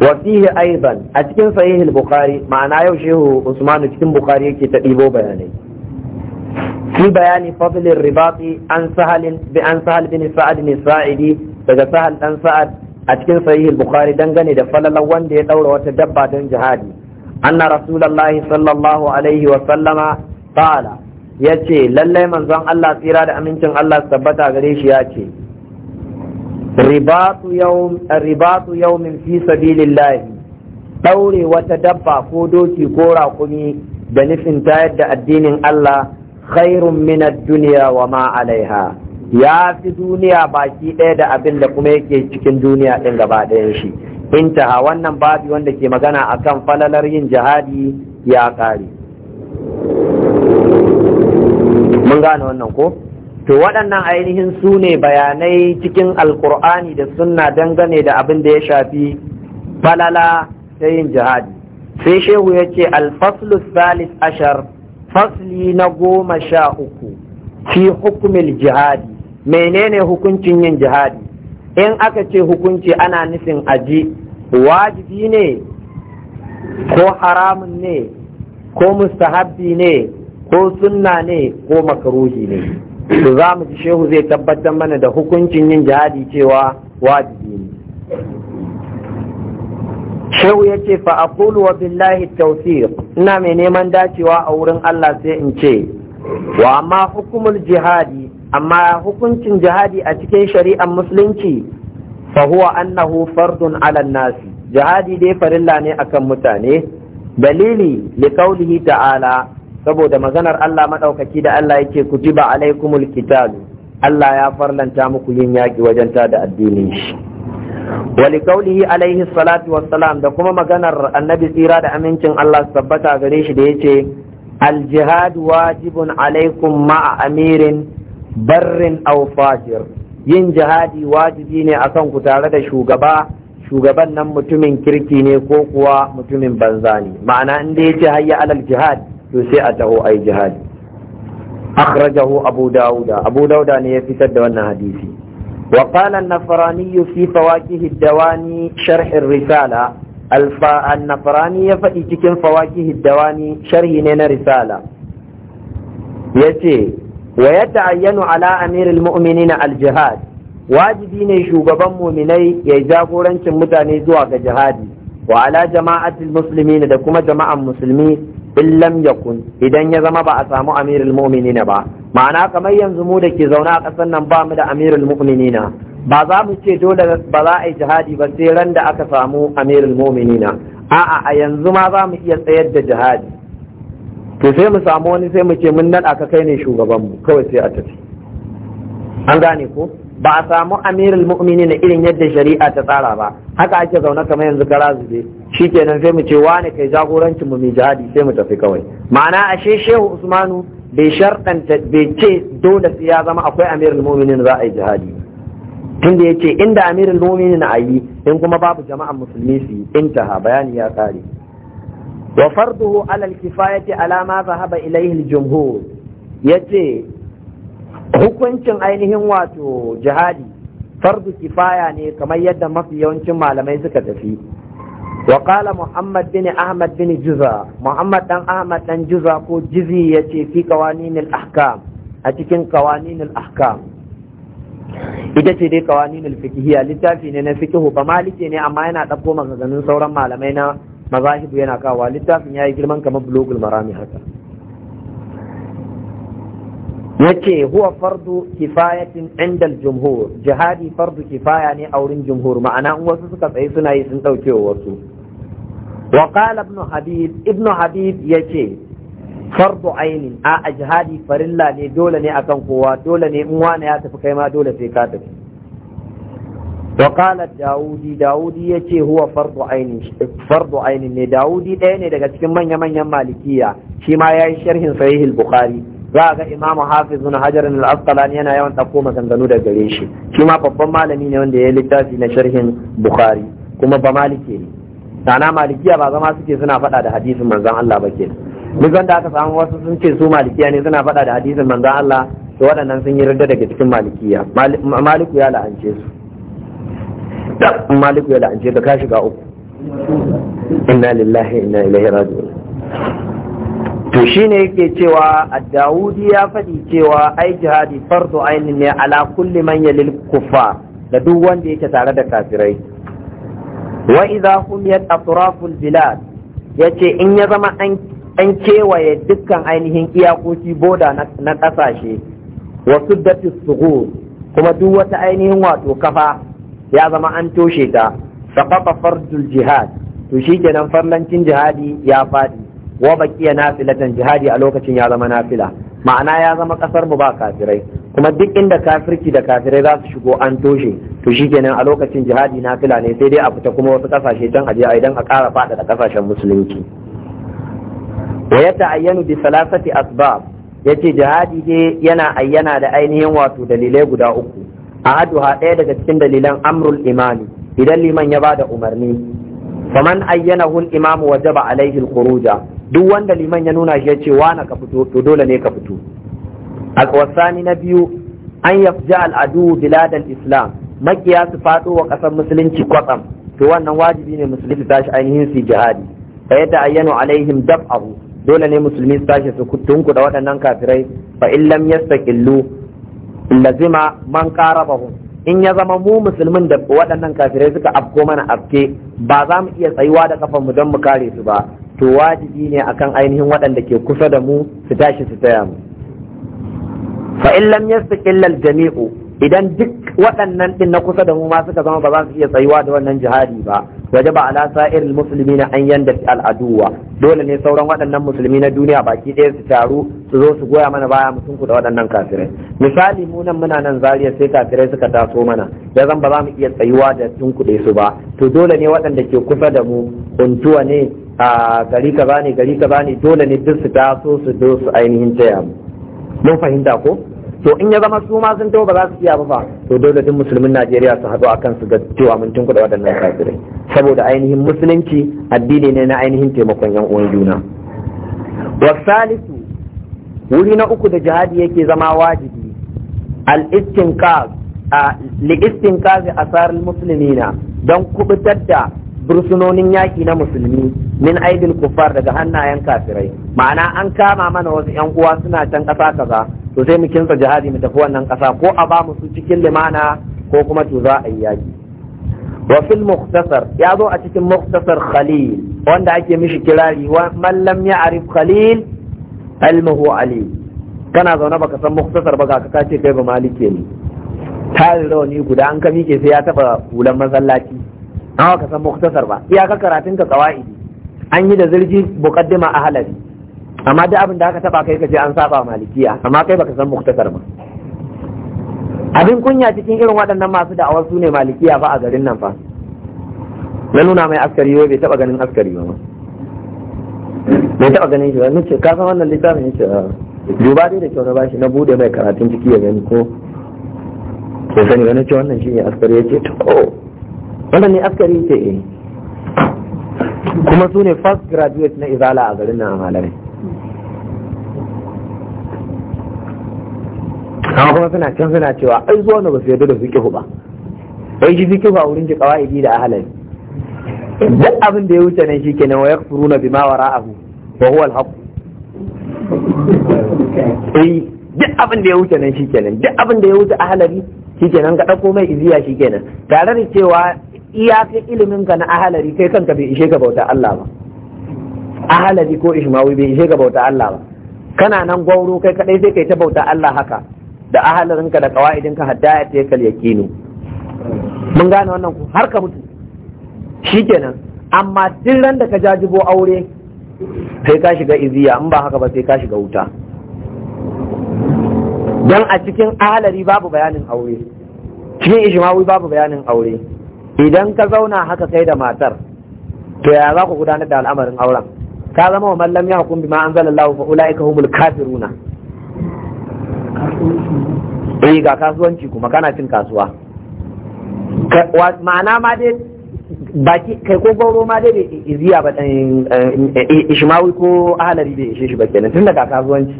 wa fihi aidan a cikin sahih bukhari ma'ana yau shehu usman cikin bukhari yake ta dibo bayanai Si bayani فضل الرباط عن سهل عن سهل بن سعد daga sahal ɗan sa'ad a cikin sahih al-bukhari dangane da falalan wanda ya ɗaura wata dabba don jihadi أن رسول الله صلى الله عليه وسلم قال yace lallai manzon Allah tsira da amincin Allah tabbata gare shi ya ce ribatu yawm ribatu fi sabilillah Ɗaure wata dabba ko doki ko raƙumi da nufin tayar da addinin Allah khairun min ad wa ma alaiha ya fi duniya baki ɗaya da abin da kuma yake cikin duniya ɗin gaba ɗayan shi intaha wannan babi wanda ke magana akan falalar yin jihadi ya kare mun gane wannan ko to waɗannan ainihin su ne bayanai cikin alkur'ani da sunna dangane da abin da ya shafi falala ta yin jihadi sai shehu ya ce alfaslu salis ashar fasli na goma sha uku fi hukumin jihadi menene hukuncin yin jihadi in aka ce hukunci ana nufin aji wajibi ne ko haramun ne ko mustahabbi ne ko sunna ne ko makaruhi ne to za mu ji shehu zai tabbatar mana da hukuncin yin jihadi cewa wajibi ne shehu ya ce fa aqulu wa billahi tawfiq ina mai neman dacewa a wurin Allah sai in ce wa amma hukumul jihadi amma hukuncin jihadi a cikin shari'ar musulunci fa huwa annahu fardun ala nasi jihadi dai farilla ne akan mutane dalili liqaulihi ta'ala saboda maganar Allah madaukaki da Allah yake kujiba alaikumul kitab Allah ya farlanta muku yin yaki wajen tada addini shi Wa ولقوله alaihi salatu wassalam da kuma maganar annabi tsira da amincin Allah su tabbata gare shi da yace al jihad wajibun alaikum ma'a amirin barrin aw fajir yin jihadi wajibi ne a ku tare da shugaba shugaban nan mutumin kirki ne ko kuwa mutumin banza ne ma'ana inda ya ce hayya alal jihad to sai a taho ai jihadi akhrajahu abu dauda abu dauda ne ya fitar da wannan hadisi wa qala an nafrani fi fawakih ad-dawani sharh ar-risala an nafrani ya faɗi cikin fawakih ad-dawani sharhi ne na risala yace wa ya ta'ayyanu ala amiril mu'minina al jihad wajibi ne shugaban muminai ya jagorancin mutane zuwa ga jihadi wa ala jama'atul da kuma jama'an musulmi in lam yakun idan ya zama ba a samu amirul mu'minina ba ma'ana kamar yanzu mu da ke zaune a ƙasar nan ba mu da amirul mu'minina ba za mu ce dole ba za a yi jihadi ba sai ran da aka samu amirul mu'minina a'a a yanzu ma za mu iya tsayar da jihadi to sai mu samu wani sai mu ce mun naɗa aka kai ne shugabanmu kawai sai a tafi an gane ko ba a samu amirul mu'mini na irin yadda shari'a ta tsara ba haka ake zaune kamar yanzu kara Shi kenan sai mu ce wani kai jagorancin mu mai jihadi sai mu tafi kawai ma'ana ashe shehu usmanu bai sharɗanta bai ce dole sai ya zama akwai amirul mu'minin za a yi jihadi tunda ya ce inda amirul mu'minin a yi in kuma babu jama'an musulmi su yi intaha bayani ya kare wa farduhu alal kifayati alama ma zahaba ilaihi jumhu. jumhur yace hukuncin ainihin wato jihadi fardu kifaya ne kamar yadda mafi yawancin malamai suka tafi wa qala muhammad bin ahmad bin juza muhammad dan ahmad dan juza ko jizi yace fi qawanin al-ahkam a cikin qawanin al-ahkam ita ce dai qawanin al-fiqhiyya littafi ne na fiqhu ba malike ne amma yana dauko maganganun sauran malamai na mazahibu yana kawa littafin ya yi girman kamar bulogul marami haka yace huwa fardu kifayatin indal jumhur jihadi fardu kifaya ne a wurin jumhur ma'ana in wasu suka tsaye suna yi sun ɗauke wasu wa qala ibnu habib ibnu habib yace fardu ainin a jihadi farilla ne dole ne akan kowa dole ne in wani ya tafi kai ma dole sai ka tafi وقال داودي داودي يتي هو فرض عين فرض عين ne داودي ɗaya ne daga cikin manya manyan malikiya shi ma yayi sharhin sahih al-bukhari za ga imamu hafiz ibn hajar al-asqalani yana yawan dauko maganganu da gare shi shi ma babban malami ne wanda ya littafi na sharhin bukhari kuma ba maliki ne sana malikiya ba zama suke suna faɗa da hadisin manzon Allah ba ke duk wanda aka samu wasu sun ce su malikiya ne suna faɗa da hadisin manzon Allah to waɗannan sun yi ridda daga cikin malikiya maliku ya la'ance su da maliku ya la'ance ka shiga uku inna shine yake cewa ad-dawudi ya faɗi cewa ai jihadi fardu aini ne ala kulli man yalil da duk wanda yake tare da kafirai wa idza ya atraful bilad ce in ya zama an an kewaye dukkan ainihin iyakoki boda na ƙasashe, wasu suddati sughur kuma duk wata ainihin wato kafa ya zama an toshe ta saqata fardul jihad to shi nan farlancin jihadi ya faɗi, wa baqiya nafilatan jihadi a lokacin ya zama nafila ma'ana ya zama kasar mu ba kafirai kuma duk inda kafirki da kafirai za su shigo an toshe to shi nan a lokacin jihadi nafila ne sai dai a fita kuma wasu ƙasashe can a idan a ƙara faɗaɗa da kasashen musulunci wa ya ta'ayyanu bi salasati asbab yace jihadi dai yana ayyana da ainihin wato dalilai guda uku ahaduha ɗaya daga cikin dalilan amrul imani idan liman ya bada umarni faman ayyanahu al-imam wajaba alaihi al-khuruja duk wanda liman ya nuna shi yace wa na ka fito to dole ne ka fito al-wasani na biyu an yafja al-adu bilad al-islam makiya su fado wa kasar musulunci kwatsam to wannan wajibi ne musulmi su tashi ainihin su jihadi fa yata ayyanu alaihim dab'ahu dole ne musulmi su tashi su da waɗannan kafirai fa in yastaqillu lazima man karabahu in ya zama mu musulmin da waɗannan kafirai suka afko mana afke ba za mu iya tsayuwa da kafan mu don mu kare su ba to wajibi ne akan ainihin waɗanda ke kusa da mu su tashi su taya mu fa in lam al jamiu idan duk waɗannan din na kusa da mu ma suka zama ba za su iya tsayuwa da wannan jihadi ba wajaba ala sa'iril muslimina an al'adu al'aduwa dole ne sauran waɗannan musulmi na duniya baki ɗaya su taru su zo su goya mana baya mutum da waɗannan kafirai misali mu nan muna nan zariya sai kafirai suka taso mana ya zan ba za mu iya tsayuwa da tunkuɗe su ba to dole ne waɗanda ke kusa da mu untuwa ne a gari kaza ne gari kaza ne dole ne duk su taso su do su ainihin taya mu mun fahimta ko to in ya zama su ma sun taho ba za su iya ba to dole musulmin Najeriya su haɗu akan su ga cewa mun kuɗa waɗannan kafirai saboda ainihin musulunci addini ne na ainihin taimakon yan uwan juna Salisu, wuri na uku da jihadi yake zama wajibi al-istinqaz a li-istinqaz asar muslimina don kubutar da bursunonin yaki na musulmi min aidil kufar daga hannayen kafirai ma'ana an kama mana wasu yan uwa suna can kasa kaza to sai mu kinsa jihadi mu tafi wannan kasa ko a ba mu su cikin limana ko kuma to za a yi yaki wa fil ya zo a cikin mukhtasar khalil wanda ake mishi kirari wa man lam ya'rif khalil ilmuhu ali kana zaune baka san mukhtasar ba ga ka ce kai ba malike ne da wani guda an ka mike sai ya taba hulan masallaci an ka san mukhtasar ba iyaka karatun ka qawaidi an yi da zirji muqaddima a halabi amma duk abin da aka taba kai kace an saba malikiya amma kai baka san muktasar ba abin kunya cikin irin waɗannan masu da awar su ne malikiya ba a garin nan fa na nuna mai askari wai bai taba ganin askari ba bai taba ganin shi ba nace ka san wannan littafin yace ah. duba dai da kyau na bashi na bude mai karatun ciki ya gani ko ko sani wani ce wannan shi ne askari ce to wannan ne askari ce eh kuma su ne first graduate na izala a garin nan a malamai. kama kuma suna can suna cewa ai zuwa na ba su yarda da fiqhu ba ai shi fiqhu a wurin shi qawaidi da ahlali duk abin da ya wuce nan shikenan wa yakfuruna bima wara'ahu wa huwa al-haqq eh duk abin da ya wuce nan shikenan duk abin da ya wuce ahlali shikenan ka ɗauko mai iziya shikenan tare da cewa iyakan ilimin ka na ahalari kai kanka bai ishe ka bauta Allah ba ahalari ko ishmawi bai ishe ka bauta Allah ba kana nan gwauro kai kadai sai kai ta bauta Allah haka da ahalarinka da kawaidinka hatta ya ce kal yakinu mun gane wannan ku har ka mutu shikenan amma duk ran da ka jajibo aure sai ka shiga iziya in ba haka ba sai ka shiga wuta dan a cikin ahalari babu bayanin aure cikin ishimawi babu bayanin aure idan ka zauna haka kai da matar to ya za ku gudanar da al'amarin auren ka zama wa mallam ya hukum ma anzalallahu fa ulaika humul kafiruna eh ga kasuwanci kuma kana cin kasuwa ma'ana ma dai baki kai ko gauro ma dai bai iziya ba dan eh, eh, ishmawi ko ahalari bai ishe shi ba kenan tunda ga kasuwanci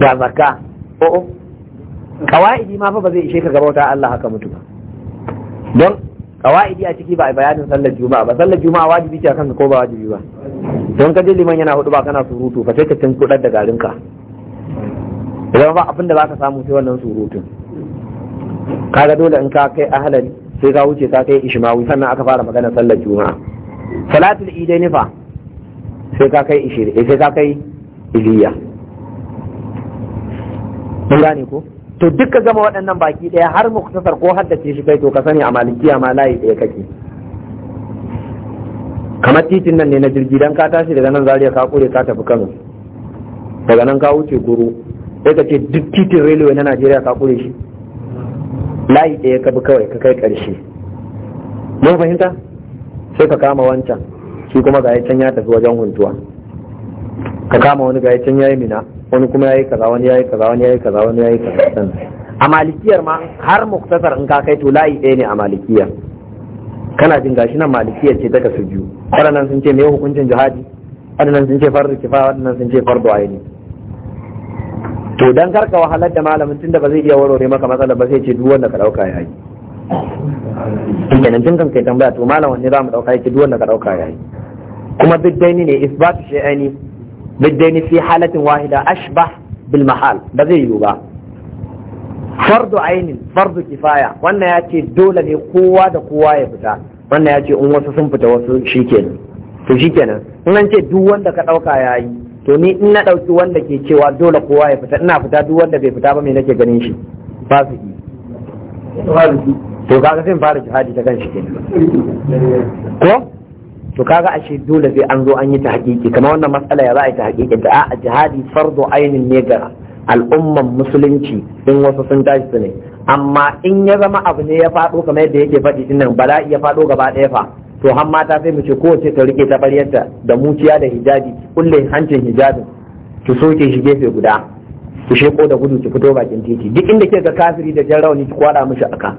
ga zakka o'o oh, oh. kawaidi ma fa ba zai ishe ka wata Allah haka mutu ba don kawaidi a ciki ba a bayanin sallar juma'a ba sallar juma'a wajibi ce akan ko ba wajibi ba don ka je liman yana hudu ba kana surutu fa sai ka tun kudar da garinka idan ba abin da za ka samu sai wannan surutun kaga dole in ka kai ahalari sai ka wuce ka kai ishmawi sannan aka fara magana sallar juma'a salatul idaini fa sai ka kai ishiri eh, sai ka kai iliya mun gane ko to duk ka gama waɗannan baki ɗaya har muktasar ko haddace shi kai to ka sani a malikiya ma layi ɗaya kake kamar titin nan ne na jirgi dan ka tashi daga nan zaria ka kure ka tafi kano daga nan ka wuce guru sai ka ce duk titin railway na najeriya ka kure shi layi ɗaya ka bi kawai ka kai ƙarshe mun fahimta sai ka kama wancan shi kuma ga can ya tafi wajen huntuwa ka kama wani ga can ya yi mina wani kuma ya yi kaza wani ya yi kaza wani ya yi kaza wani ya yi kaza a malikiyar ma har muktasar in ka kai to layi ɗaya ne a malikiyar kana jin gashi nan malikiyar ce ta su biyu waɗannan sun ce me hukuncin jihadi waɗannan sun ce fardu kifa waɗannan sun ce fardu aini to dan karka wahalar da malamin tunda ba zai iya warware maka matsalar ba sai ce duk wanda ka dauka yi. kenan tun kan kai tambaya to malam wanne za mu dauka yake duk wanda ka dauka yi. kuma biddaini ne isbatu shay'ani biddaini fi halatin wahida ashbah bil mahal ba zai yiwu ba fardu ainin fardu kifaya wannan ya ce dole ne kowa da kowa ya fita wannan ya ce in wasu sun fita wasu shikenan to shikenan in an ce duk wanda ka dauka yi. to ni in na ɗauki wanda ke cewa dole kowa ya fita ina fita duk wanda bai fita ba me nake ganin shi Ba su yi. to kaga zan fara jihadi ta kanshi ke. ko to kaga ashe dole sai an zo an yi ta hakiki kamar wannan matsala ya za a yi ta hakiki da a jihadi fardu ainin ne ga al'umman musulunci in wasu sun tashi su ne amma in ya zama abu ne ya faɗo kamar yadda yake faɗi dinnan bala'i ya faɗo gaba ɗaya fa to har mata sai mu ce kowace ta rike tabaryarta da muciya da hijabi kullum hancin hijabin ki soke shi gefe guda ki sheko da gudu ki fito bakin titi duk inda ke ga kafiri da jan rauni ki kwada mishi aka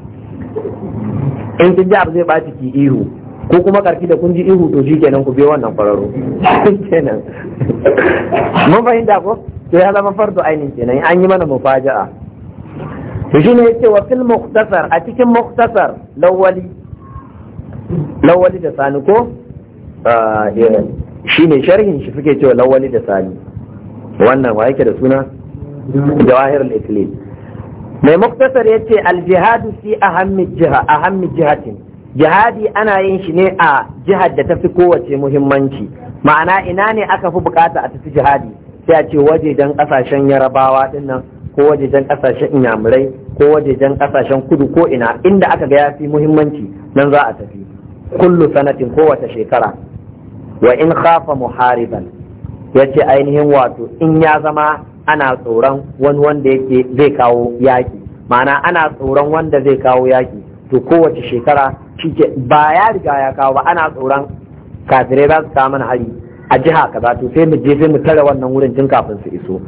in kin ji abu zai baci ki ihu ko kuma karfi da kun ji ihu to shi kenan ku biyo wannan kwararo (laughs) kenan mun fahimta ko to ya zama fardu ainihin kenan an yi mana mufaja'a to shi ne yake wa fil mukhtasar a cikin mukhtasar lawali lawali da sani ko ah, eh, shi ne sharhin shi suke cewa lawali da sani wannan wa yake da suna jawahir al mai muktasar ya ce aljihadu fi ahammi jihatin jihadi ana yin shi ne a jihar da tafi kowace muhimmanci ma'ana ina ne aka fi bukata a tafi jihadi sai a ce wajejen kasashen yarabawa dinnan ko wajejen kasashen inyamurai ko wajejen kasashen kudu ko ina inda aka ga yafi muhimmanci nan za a tafi kullu sanatin kowace shekara wa in khafa muhariban yace ainihin wato in ya zama ana tsoron wani wanda yake zai kawo yaki ma'ana ana tsoron wanda zai kawo yaki to kowace shekara shike ba ya riga ya kawo ba ana tsoron kafirai za su kawo mana hari a jiha kaza to sai mu je sai mu tare wannan wurin tun kafin su iso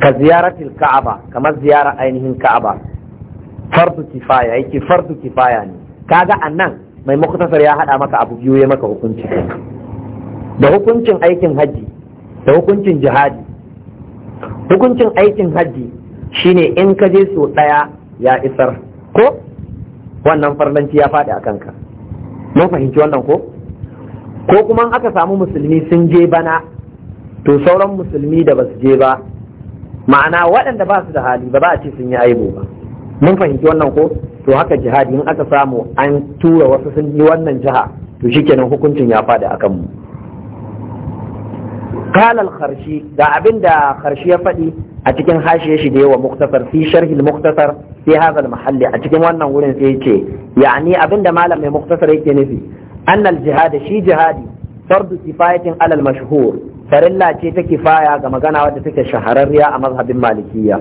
ka ziyaratil ka'aba kamar ziyara ainihin ka'aba fardu kifaya yake fardu kifaya ne kaga annan mai muktasar ya haɗa maka abu biyu ya maka hukunci da hukuncin aikin haji da hukuncin jihadi hukuncin aikin haji shine in ka je so ɗaya ya isar ko wannan farlanci ya faɗi a kanka mun fahimci wannan ko ko kuma aka samu musulmi sun je bana to sauran musulmi da basu je ba ma'ana waɗanda ba su da hali ba ba a ce sun yi aibo ba mun fahimci wannan ko to haka jihadi in aka samu an tura wasu sun yi wannan jiha to shikenan hukuncin ya faɗi a kanmu kalal kharshi ga abin da kharshi ya faɗi a cikin hashe shi da yawa muktasar fi sharhi muktasar fi hadha al a cikin wannan wurin sai yace yani abin da malam mai muktasar yake nufi an al jihad shi jihadi fardu kifayatin alal mashhur farin ce ta kifaya ga magana wadda take shahararriya a mazhabin malikiyya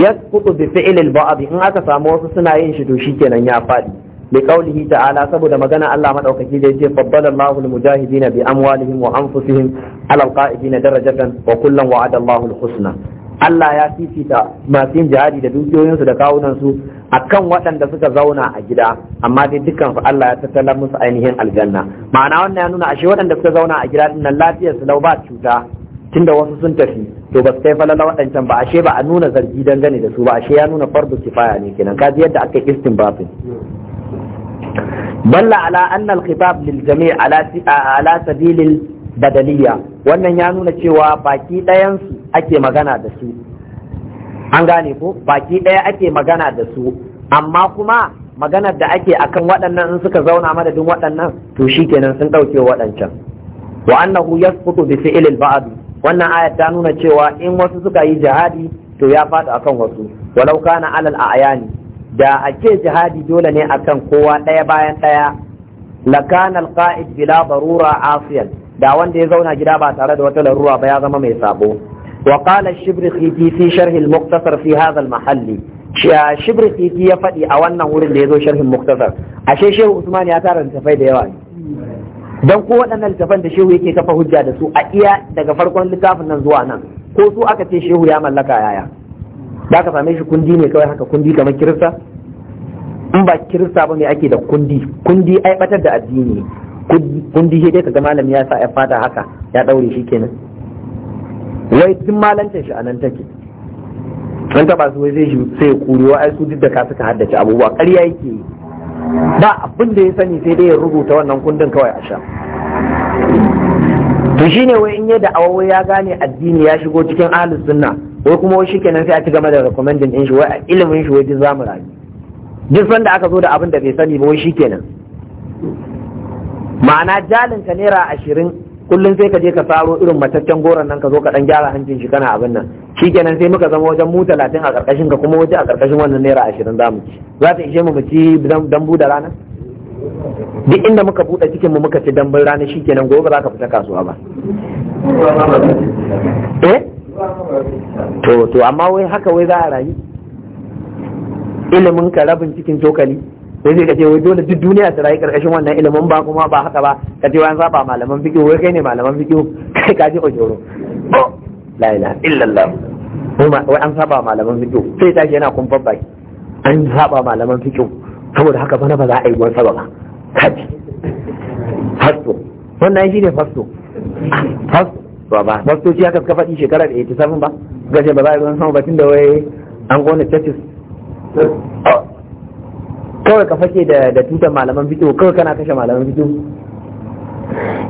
yasqutu bi fi'lil ba'd in aka samu wasu suna yin shi to shikenan ya fadi li qawlihi ta'ala saboda magana Allah madaukaki da yace faddala Allahu al-mujahidina bi amwalihim wa anfusihim ala al-qa'idina darajatan wa kullan wa'ada Allahu al-husna Allah ya fifita masu yin jihadi da dukiyoyinsu da kawunansu akan waɗanda suka zauna a gida amma dai dukkan su Allah ya tattala musu ainihin aljanna ma'ana wannan ya nuna ashe waɗanda suka zauna a gida din nan lafiyar su lau ba cuta tunda wasu sun tafi to ba su kai falala waɗancan ba ashe ba a nuna zargi dangane da su ba ashe ya nuna fardu kifaya ne kenan kaji yadda aka yi bafin. balla ala annal khitab lil jami' ala ala sabilil badaliya wannan ya nuna cewa baki ɗayan su ake magana da su an gane ko baki ɗaya ake magana da su amma kuma maganar da ake akan waɗannan in suka zauna madadin waɗannan to shikenan sun ɗauke waɗancan wa annahu yasqutu bi fi'lil ba'd wannan aya ta nuna cewa in wasu suka yi jihadi to ya faɗi akan wasu walau kana alal ayani da ake jihadi dole ne akan kowa ɗaya bayan ɗaya lakana alqa'id bila barura asiyan da wanda ya zauna gida ba tare da wata larura ba ya zama mai sabo wa qala shibrikhiti fi sharh al-muqtasar fi hadha al-mahalli shibrikhiti ya faɗi a wannan wurin da ya zo sharhin muktasar ashe shehu usman ya tara tafai da yawa ne dan ko waɗannan littafan da shehu yake kafa hujja da su a iya daga farkon littafin nan zuwa nan ko su aka ce shehu ya mallaka yaya da ka same shi kundi ne kawai haka kundi kamar kirista in ba kirista ba me ake da kundi kundi ai batar da addini kundi shi dai ga malam ya sa ya fada haka ya daure shi kenan wai tun malantar shi nan take an taba su wai sai ya kuri wa ai su duk da ka suka haddace abubuwa ƙarya yake ba abin da ya sani sai dai ya rubuta wannan kundin kawai a sha to shine wai in ya da'awa ya gane addini ya shigo cikin ahlus sunna wai kuma wai shikenan sai a ci gama da recommending din shi wai ilimin shi wai duk mu rayu duk sanda aka zo da abin da bai sani ba wai shikenan ma'ana jalinka naira ashirin kullum sai ka je ka saro irin mataccen goron nan ka zo ka dan gyara hancin shi kana abin nan shikenan sai muka zama wajen mu talatin a karkashin ka kuma waje a karkashin wannan naira ashirin mu ci za ta ishe mu mu ci dambu da rana duk inda muka buɗe cikin mu muka ci dambin rana kenan gobe za ka fita kasuwa ba eh to to amma wai haka wai za a rayu ilimin ka rabin cikin cokali sai sai ka ce wai dole duk duniya ta rayu karkashin wannan ilimin ba kuma ba haka ba ka ce wani zaba malaman fikihu wai kai ne malaman fikihu (laughs) kai ka ji ojoro la ilaha illallah wai an saba malaman fikihu sai tashi yana kumfan baki an saba malaman fikihu saboda haka bana ba za a yi ruwan sama ba kaji fasto wannan shi ne fasto fasto ba fasto shi haka suka faɗi shekara da 87 ba gaje ba za a yi ruwan sama ba tun da wai an gona churches oh. kawai ka fake da tutan malaman fito kawai kana kashe malaman fito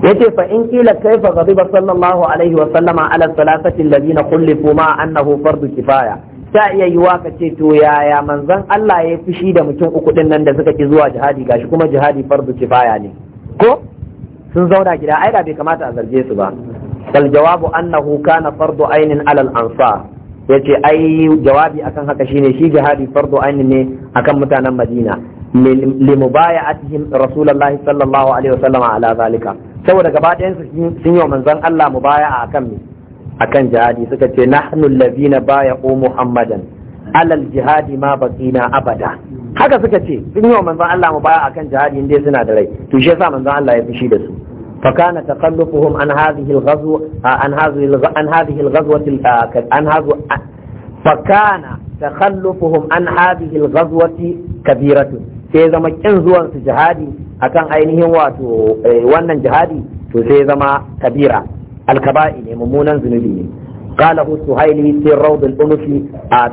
yace fa in kila kaifa ghadiba sallallahu alaihi wa sallama ala salasati alladhina khulifu ma annahu fardu kifaya ta iya yi ka ce to yaya manzon Allah ya fushi da mutum uku din nan da suka ki zuwa jihadi gashi kuma jihadi fardu baya ne ko sun zauna gida ai da bai kamata a zarge su ba bal jawabu annahu kana fardu ainin alal ansar yace ai jawabi akan haka shine shi jihadi fardu ainin ne akan mutanen Madina limubaya'atihim rasulullahi sallallahu alaihi wasallam ala zalika saboda gaba ɗayan su sun yi manzon Allah mubaya'a akan me akan jihadi suka ce nahnu allazina baya o muhammadan alal jihadi ma baqina abada haka suka ce sun yi wa manzon Allah mu baya akan jihadi inda suna da rai to shi yasa manzon Allah ya fushi da su فكان تخلفهم عن هذه الغزو عن هذه عن sai zama kin zuwan su jihadi akan ainihin wato eh, wannan jihadi to sai zama kabira alkaba'i ne mummunan zunubi ne قاله السهيلي في الروض الأنفي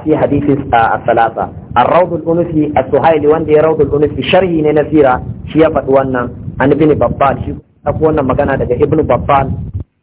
في حديث الثلاثة الروض الأنفي السهيلي وندي روض الأنفي شرهي نسيرة شيا فتوانا عن ابن بطال شيا فتوانا مكانا ابن بطال